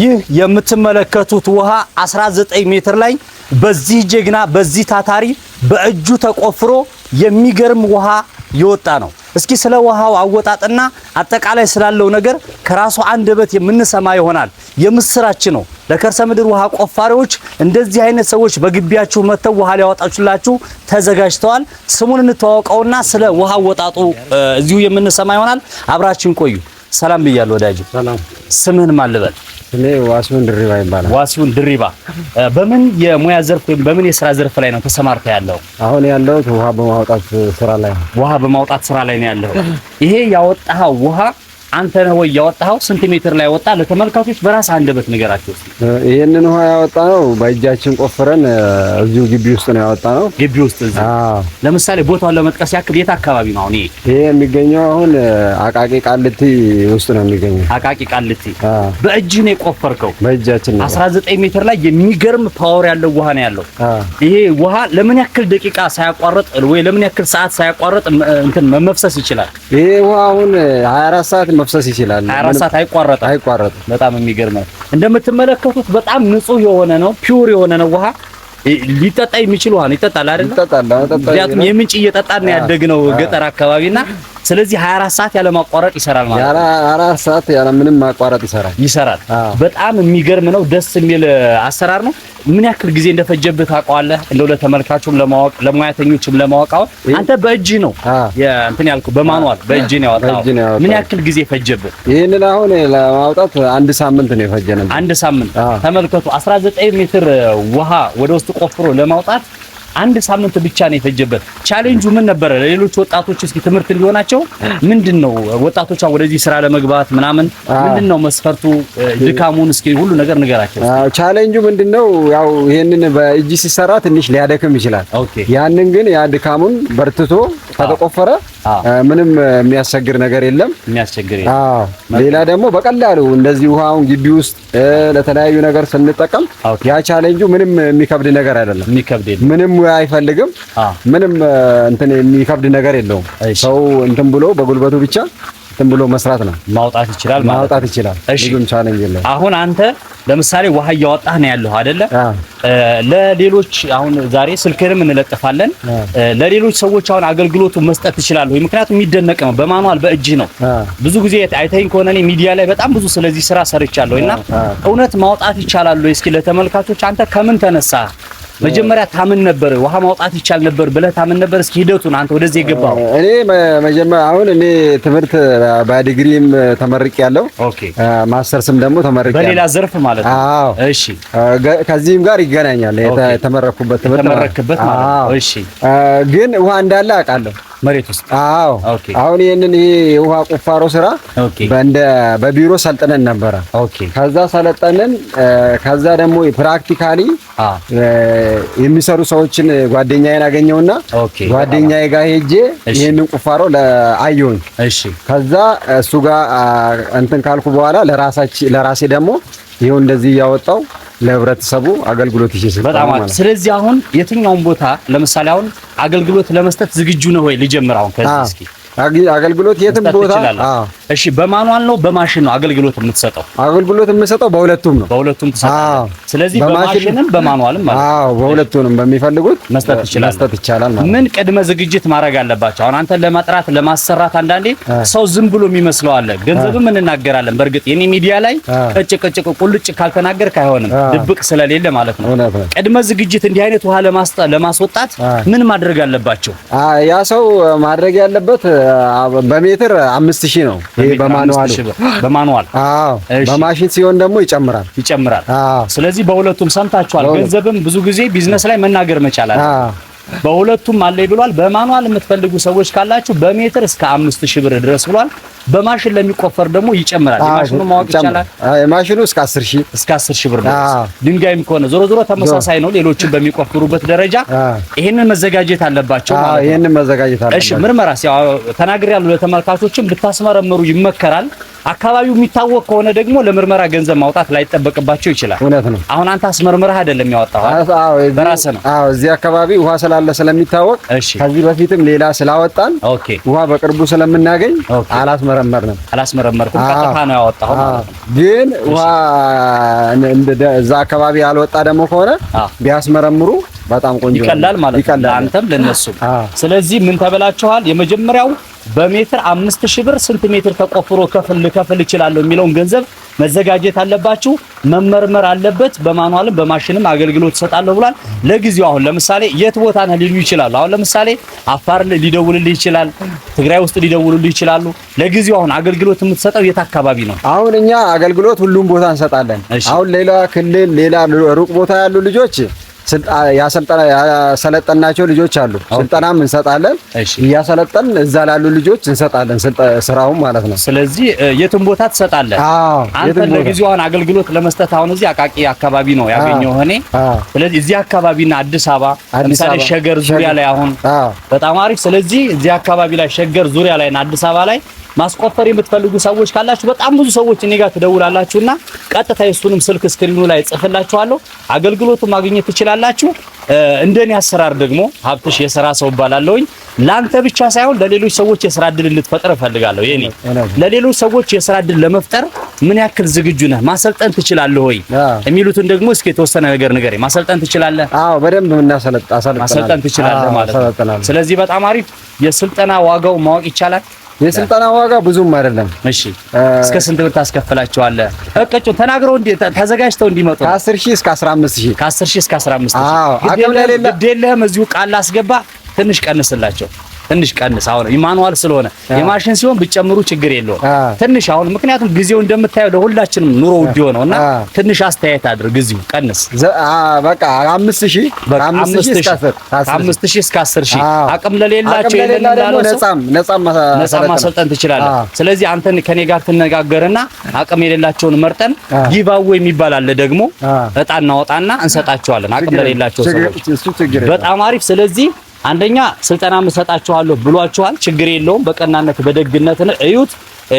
ይህ የምትመለከቱት ውሃ 19 ሜትር ላይ በዚህ ጀግና በዚህ ታታሪ በእጁ ተቆፍሮ የሚገርም ውሃ የወጣ ነው። እስኪ ስለ ውሃው አወጣጥና አጠቃላይ ስላለው ነገር ከራሱ አንደበት የምንሰማ ይሆናል። የምስራች ነው ለከርሰ ምድር ውሃ ቆፋሪዎች። እንደዚህ አይነት ሰዎች በግቢያችሁ መጥተው ውሃ ሊያወጣችሁላችሁ ተዘጋጅተዋል። ስሙን እንተዋወቀውና ስለ ውሃ አወጣጡ እዚሁ የምንሰማ ይሆናል። አብራችን ቆዩ። ሰላም ብያለሁ ወዳጅ። ስምህን ማልበል እኔ ዋሲሁን ድሪባ ይባላል። ዋሲሁን ድሪባ፣ በምን የሙያ ዘርፍ ወይም በምን የስራ ዘርፍ ላይ ነው ተሰማርተ ያለው? አሁን ያለሁት ውሃ በማውጣት ስራ ላይ ነው። ውሃ በማውጣት ስራ ላይ ነው ያለው። ይሄ ያወጣኸው ውሃ አንተ ነህ ወይ ያወጣኸው? ስንት ሜትር ላይ ወጣ? ለተመልካቾች በራስ አንደበት ንገራቸው። ይሄንን ውሃ ነው በእጃችን ቆፍረን እዚሁ ግቢ ውስጥ ነው ነው። ግቢ ውስጥ እዚህ። ለምሳሌ ቦታውን ለመጥቀስ ያክል የት አካባቢ ነው አሁን? ይሄ ይሄ የሚገኘው አሁን አቃቂ ቃልቲ ውስጥ ነው የሚገኘው። አቃቂ ቃልቲ። በእጅህ ነው የቆፈርከው? በእጃችን ነው። 19 ሜትር ላይ የሚገርም ፓወር ያለው ውሃ ነው ያለው። ይሄ ውሃ ለምን ያክል ደቂቃ ሳያቋርጥ ወይ ለምን ያክል ሰዓት ሳያቋርጥ እንትን መመፍሰስ ይችላል? ይሄ ውሃ አሁን 24 ሰዓት መፍሰስ ይችላል። አራሳት ሰዓት አይቋረጥም፣ አይቋረጥም። በጣም ነው። እንደምትመለከቱት በጣም ንጹህ የሆነ ነው፣ ፒውር የሆነ ነው ውሃ ሊጠጣ የሚችል ውሃ ነው። ይጠጣል አይደል? ይጠጣል። ምክንያቱም የምንጭ እየጠጣን ነው ያደግነው ገጠር አካባቢና ስለዚህ 24 ሰዓት ያለ ማቋረጥ ይሰራል ማለት ነው። 24 ሰዓት ያለ ምንም ማቋረጥ ይሰራል ይሰራል። በጣም የሚገርም ነው። ደስ የሚል አሰራር ነው። ምን ያክል ጊዜ እንደፈጀብህ ታውቀዋለህ? እንደው ለተመልካቹም ለማወቅ ለሙያተኞችም ለማወቅ አሁን አንተ በእጅ ነው እንትን ያልኩህ በማኑዋል በእጅ ነው ያወጣው። ምን ያክል ጊዜ ፈጀብህ? ይህንን አሁን ለማውጣት አንድ ሳምንት ነው የፈጀነው። አንድ ሳምንት ተመልከቱ። 19 ሜትር ውሃ ወደ ውስጥ ቆፍሮ ለማውጣት አንድ ሳምንት ብቻ ነው የፈጀበት። ቻሌንጁ ምን ነበረ? ለሌሎች ወጣቶች እስኪ ትምህርት ሊሆናቸው ምንድን ነው ወጣቶች ወደዚህ ስራ ለመግባት ምናምን ምንድን ነው መስፈርቱ? ድካሙን እስኪ ሁሉ ነገር ንገራቸው። ቻሌንጁ ምንድን ነው? ያው ይሄንን በእጅ ሲሰራ ትንሽ ሊያደክም ይችላል። ያንን ግን ያ ድካሙን በርትቶ ከተቆፈረ ምንም የሚያስቸግር ነገር የለም። የሚያስቸግር ሌላ ደግሞ በቀላሉ እንደዚህ ውሃውን ግቢ ውስጥ ለተለያዩ ነገር ስንጠቀም ያ ቻሌንጁ ምንም የሚከብድ ነገር አይደለም። ምንም ውሃ አይፈልግም። ምንም እንትን የሚከብድ ነገር የለውም። ሰው እንትን ብሎ በጉልበቱ ብቻ እንትን ብሎ መስራት ነው። ማውጣት ይችላል። ማውጣት ይችላል። እሺ፣ አሁን አንተ ለምሳሌ ውሃ እያወጣህ ነው ያለው አይደለ? ለሌሎች አሁን ዛሬ ስልክንም እንለጥፋለን። ለሌሎች ሰዎች አሁን አገልግሎቱ መስጠት ትችላለህ ወይ? ምክንያቱም የሚደነቅ ነው። በማኑዋል በእጅ ነው። ብዙ ጊዜ አይተኸኝ ከሆነ እኔ ሚዲያ ላይ በጣም ብዙ ስለዚህ ስራ ሰርቻለሁ እና እውነት ማውጣት ይቻላል ወይ? እስኪ ለተመልካቾች አንተ ከምን ተነሳ መጀመሪያ ታምን ነበር፣ ውሃ ማውጣት ይቻል ነበር ብለህ ታምን ነበር። እስኪ ሂደቱን አንተ ወደዚህ የገባው። እኔ መጀመሪያ አሁን እኔ ትምህርት በዲግሪም ተመርቄ ያለው ማስተርስም ደግሞ ተመርቄ በሌላ ዘርፍ ማለት ነው። እሺ፣ ከዚህም ጋር ይገናኛል የተመረኩበት ትምህርት ተመረክበት ማለት ነው። እሺ፣ ግን ውሃ እንዳለ አውቃለሁ መሬት ውስጥ አዎ። አሁን ይሄንን ይሄ የውሃ ቁፋሮ ስራ በእንደ በቢሮ ሰልጥነን ነበረ። ከዛ ሰለጠንን። ከዛ ደግሞ ፕራክቲካሊ የሚሰሩ ሰዎችን ጓደኛዬን አገኘውና ጓደኛዬ ጋር ሄጄ ይሄንን ቁፋሮ ለአየሁኝ። ከዛ እሱ ጋር እንትን ካልኩ በኋላ ለራሳች ለራሴ ደግሞ ይሄው እንደዚህ እያወጣው ለህብረተሰቡ አገልግሎት እየሰጠ በጣም አሪፍ። ስለዚህ አሁን የትኛውን ቦታ ለምሳሌ አሁን አገልግሎት ለመስጠት ዝግጁ ነው ወይ? ልጀምር አሁን ከዚህ እስኪ አገልግሎት የትም ቦታ እሺ። በማኑዋል ነው በማሽን ነው አገልግሎት የምትሰጠው? አገልግሎት የምሰጠው በሁለቱም ነው፣ በሁለቱም ትሰጣለህ። ስለዚህ በማሽንም በማኑዋልም ማለት ነው። አዎ፣ በሁለቱንም በሚፈልጉት መስጠት ይችላል፣ መስጠት ይችላል ማለት ነው። ምን ቅድመ ዝግጅት ማድረግ አለባቸው? አሁን አንተን ለመጥራት ለማሰራት፣ አንዳንዴ ሰው ዝም ብሎ የሚመስለው አለ። ገንዘብም እንናገራለን። በእርግጥ የኔ ሚዲያ ላይ ቅጭ ቅጭ ቁልጭ ካልተናገርክ አይሆንም፣ ድብቅ ስለሌለ ማለት ነው። ቅድመ ዝግጅት እንዲህ አይነት ውሃ ለማስወጣት ምን ማድረግ አለባቸው? ያ ሰው ማድረግ ያለበት በሜትር አምስት ሺህ ነው። በማኑዋል በማሽን ሲሆን ደግሞ ይጨምራል ይጨምራል። ስለዚህ በሁለቱም ሰምታችኋል። ገንዘብም ብዙ ጊዜ ቢዝነስ ላይ መናገር መቻላል በሁለቱም አለኝ ብሏል። በማኑዋል የምትፈልጉ ሰዎች ካላችሁ በሜትር እስከ አምስት ሺህ ብር ድረስ ብሏል። በማሽን ለሚቆፈር ደግሞ ይጨምራል። ማሽኑ ማወቅ ይቻላል። ማሽኑ እስከ 10 ሺህ እስከ 10 ሺህ ብር ድረስ ድንጋይም ከሆነ ዞሮ ዞሮ ተመሳሳይ ነው። ሌሎችን በሚቆፍሩበት ደረጃ ይሄንን መዘጋጀት አለባቸው ማለት ይሄንን መዘጋጀት አለባቸው። እሺ ምርመራስ ያው ተናግሬያለሁ። ለተመልካቾችም ብታስመረምሩ ይመከራል። አካባቢው የሚታወቅ ከሆነ ደግሞ ለምርመራ ገንዘብ ማውጣት ላይጠበቅባቸው ይችላል። እውነት ነው። አሁን አንተ አስመርምረህ አይደለም ያወጣው? አዎ፣ በራስህ ነው። አዎ፣ እዚህ አካባቢ ውሃ ስላለ ስለሚታወቅ፣ ከዚህ በፊትም ሌላ ስላወጣን፣ ኦኬ፣ ውሃ በቅርቡ ስለምናገኝ አላስመረመርንም። አላስመረመርኩም፣ ቀጥታ ነው ያወጣው ግን ውሃ እዛ አካባቢ ያልወጣ ደግሞ ከሆነ ቢያስመረምሩ በጣም ቆንጆ ይቀላል ማለት ነው ለአንተም ለነሱ። ስለዚህ ምን ተበላችኋል? የመጀመሪያው በሜትር አምስት ሺህ ብር ስንት ሜትር ተቆፍሮ ከፍል ልከፍል እችላለሁ የሚለውን ገንዘብ መዘጋጀት አለባችሁ፣ መመርመር አለበት። በማኑዋልም በማሽንም አገልግሎት እሰጣለሁ ብሏል። ለጊዜው አሁን ለምሳሌ የት ቦታ ነህ ሊሉ ይችላሉ። አሁን ለምሳሌ አፋር ሊደውልልህ ይችላል፣ ትግራይ ውስጥ ሊደውሉልህ ይችላሉ። ለጊዜው አሁን አገልግሎት የምትሰጠው የት አካባቢ ነው? አሁን እኛ አገልግሎት ሁሉም ቦታ እንሰጣለን። አሁን ሌላ ክልል ሌላ ሩቅ ቦታ ያሉ ልጆች ያሰለጠናቸው ልጆች አሉ። ስልጠናም እንሰጣለን፣ እያሰለጠን እዛ ላሉ ልጆች እንሰጣለን፣ ስራውም ማለት ነው። ስለዚህ የትም ቦታ ትሰጣለን። አንተ። ለጊዜው አገልግሎት ለመስጠት አሁን እዚህ አቃቂ አካባቢ ነው ያገኘው እኔ። ስለዚህ እዚህ አካባቢና አዲስ አበባ ለምሳሌ ሸገር ዙሪያ ላይ አሁን በጣም አሪፍ። ስለዚህ እዚህ አካባቢ ላይ ሸገር ዙሪያ ላይ አዲስ አበባ ላይ ማስቆፈር የምትፈልጉ ሰዎች ካላችሁ በጣም ብዙ ሰዎች እኔ ጋር ትደውላላችሁና ቀጥታ የሱንም ስልክ ስክሪኑ ላይ ጽፍላችኋለሁ። አገልግሎቱ ማግኘት ትችላላችሁ። እንደኔ አሰራር ደግሞ ሀብትሽ የስራ ሰው እባላለሁኝ። ለአንተ ብቻ ሳይሆን ለሌሎች ሰዎች የስራ እድል እንድትፈጥር እፈልጋለሁ። የኔ ለሌሎች ሰዎች የስራ እድል ለመፍጠር ምን ያክል ዝግጁ ነህ? ማሰልጠን ትችላለህ ወይ የሚሉትን ደግሞ እስኪ የተወሰነ ነገር ንገረኝ። ማሰልጠን ትችላለህ? አዎ፣ በደንብ ማሰልጠን ትችላለህ ማለት ነው። ስለዚህ በጣም አሪፍ የስልጠና ዋጋው ማወቅ ይቻላል። የስልጠና ዋጋ ብዙም አይደለም። እሺ፣ እስከ ስንት ብር ታስከፍላቸዋለህ? እቀጮ ተናግረው እንዴ ተዘጋጅተው እንዲመጡ ከ10000 እስከ 15000 ከ10000 እስከ 15000 አዎ፣ አቅም ለሌለ ግዴለህም፣ እዚሁ ቃል አስገባ፣ ትንሽ ቀንስላቸው። ትንሽ ቀንስ። አሁን ማኑዋል ስለሆነ የማሽን ሲሆን ብጨምሩ ችግር የለውም። ትንሽ አሁን ምክንያቱም ጊዜው እንደምታየው ለሁላችንም ኑሮ ውድ የሆነው እና ትንሽ አስተያየት አድርግ። ጊዜው ቀንስ በቃ አምስት ሺህ አምስት ሺህ እስከ አስር ሺህ አቅም ለሌላቸው ነፃም ማሰልጠን ትችላለህ። ስለዚህ አንተን ከኔ ጋር ትነጋገርና አቅም የሌላቸውን መርጠን ጊቫዌ የሚባል አለ ደግሞ እጣ እናወጣና እንሰጣቸዋለን አቅም ለሌላቸው ሰዎች በጣም አሪፍ ስለዚህ አንደኛ ስልጠና ምሰጣችኋለሁ ብሏችኋል። ችግር የለውም። በቀናነት በደግነት እዩት።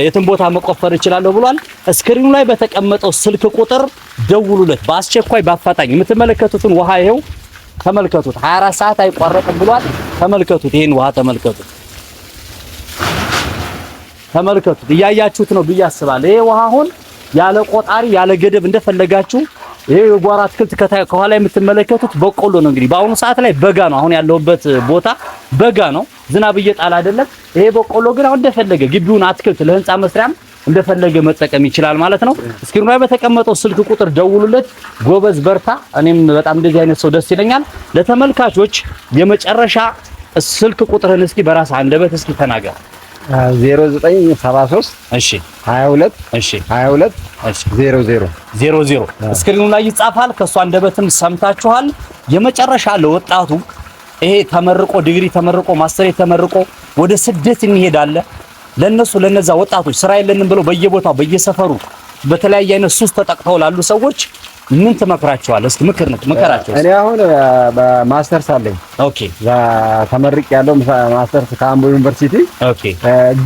የትን ቦታ መቆፈር እችላለሁ ብሏል። እስክሪኑ ላይ በተቀመጠው ስልክ ቁጥር ደውሉለት በአስቸኳይ በአፋጣኝ። የምትመለከቱትን ውሃ ይሄው ተመልከቱት። 24 ሰዓት አይቋረጥም ብሏል። ተመልከቱት። ይሄን ውሃ ተመልከቱት፣ ተመልከቱት። እያያችሁት ነው ብዬ አስባለሁ። ይሄ ውሃ አሁን ያለ ቆጣሪ ያለ ገደብ እንደፈለጋችሁ ይሄ የጓሮ አትክልት ከኋላ የምትመለከቱት በቆሎ ነው። እንግዲህ በአሁኑ ሰዓት ላይ በጋ ነው። አሁን ያለሁበት ቦታ በጋ ነው። ዝናብ እየጣለ አይደለም። ይሄ በቆሎ ግን አሁን እንደፈለገ ግቢውን አትክልት ለህንፃ መስሪያም እንደፈለገ መጠቀም ይችላል ማለት ነው። እስክሪኑ ላይ በተቀመጠው ስልክ ቁጥር ደውሉለት። ጎበዝ በርታ። እኔም በጣም እንደዚህ አይነት ሰው ደስ ይለኛል። ለተመልካቾች የመጨረሻ ስልክ ቁጥርን እስኪ በራስ አንደበት እስኪ ተናገር። 0973 ስክሪኑ ላይ ይጻፋል። ከእሱ አንደበትም ሰምታችኋል። የመጨረሻ ለወጣቱ ይሄ ተመርቆ ዲግሪ ተመርቆ ማስተሬት ተመርቆ ወደ ስደት እንሄዳለ ለነሱ ለነዛ ወጣቶች ስራ የለንም ብለው በየቦታው በየሰፈሩ በተለያየ አይነት ሱስ ተጠቅተው ላሉ ሰዎች ምን ትመክራቸዋለህ? እስኪ ምክር ምከራቸው። እኔ አሁን ማስተርስ አለኝ። ኦኬ ተመርቅ ያለው ማስተርስ ከአምቦ ዩኒቨርሲቲ። ኦኬ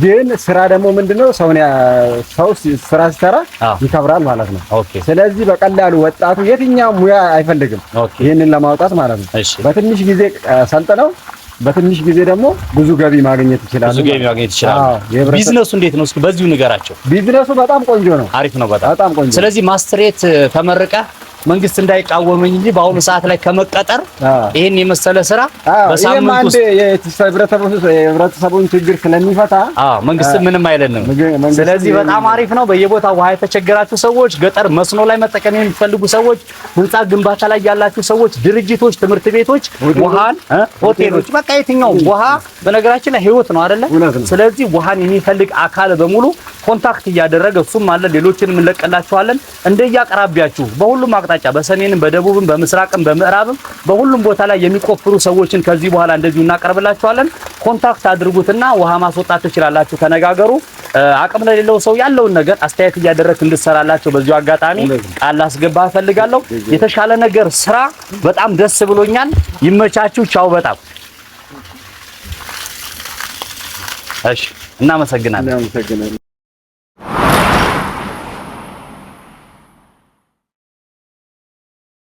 ግን ስራ ደግሞ ምንድነው ሰውን ሰው ስራ ሲሰራ ይከብራል ማለት ነው። ስለዚህ በቀላሉ ወጣቱ የትኛው ሙያ አይፈልግም፣ ይህንን ለማውጣት ማለት ነው። በትንሽ ጊዜ ሰልጥነው በትንሽ ጊዜ ደግሞ ብዙ ገቢ ማግኘት ይችላል። ብዙ ገቢ ማግኘት ይችላል። ቢዝነሱ እንዴት ነው? እስኪ በዚሁ ንገራቸው። ቢዝነሱ በጣም ቆንጆ ነው። አሪፍ ነው። በጣም በጣም ቆንጆ። ስለዚህ ማስትሬት ተመርቀህ መንግስት እንዳይቃወመኝ እንጂ በአሁኑ ሰዓት ላይ ከመቀጠር ይሄን የመሰለ ስራ በሳምንት ውስጥ የህብረተሰቡን ችግር ስለሚፈታ መንግስት ምንም አይለንም። ስለዚህ በጣም አሪፍ ነው። በየቦታው ውሃ የተቸገራችሁ ሰዎች፣ ገጠር መስኖ ላይ መጠቀም የሚፈልጉ ሰዎች፣ ህንፃ ግንባታ ላይ ያላችሁ ሰዎች፣ ድርጅቶች፣ ትምህርት ቤቶች፣ ውሃን፣ ሆቴሎች፣ በቃ የትኛውም ውሃ በነገራችን ላይ ህይወት ነው አይደለ? ስለዚህ ውሃን የሚፈልግ አካል በሙሉ ኮንታክት እያደረገ እሱም አለ፣ ሌሎችንም እንለቀላችኋለን። እንደየአቅራቢያችሁ በሁሉም አቅጣጫ በሰሜንም፣ በደቡብም፣ በምስራቅም፣ በምዕራብም በሁሉም ቦታ ላይ የሚቆፍሩ ሰዎችን ከዚህ በኋላ እንደዚሁ እናቀርብላችኋለን። ኮንታክት አድርጉትና ውሃ ማስወጣት ትችላላችሁ። ተነጋገሩ። አቅም ለሌለው ሰው ያለውን ነገር አስተያየት እያደረግክ እንድትሰራላቸው በዚሁ አጋጣሚ ቃል ላስገባ እፈልጋለሁ። የተሻለ ነገር ስራ። በጣም ደስ ብሎኛል። ይመቻችሁ። ቻው። በጣም እሺ። እናመሰግናለን።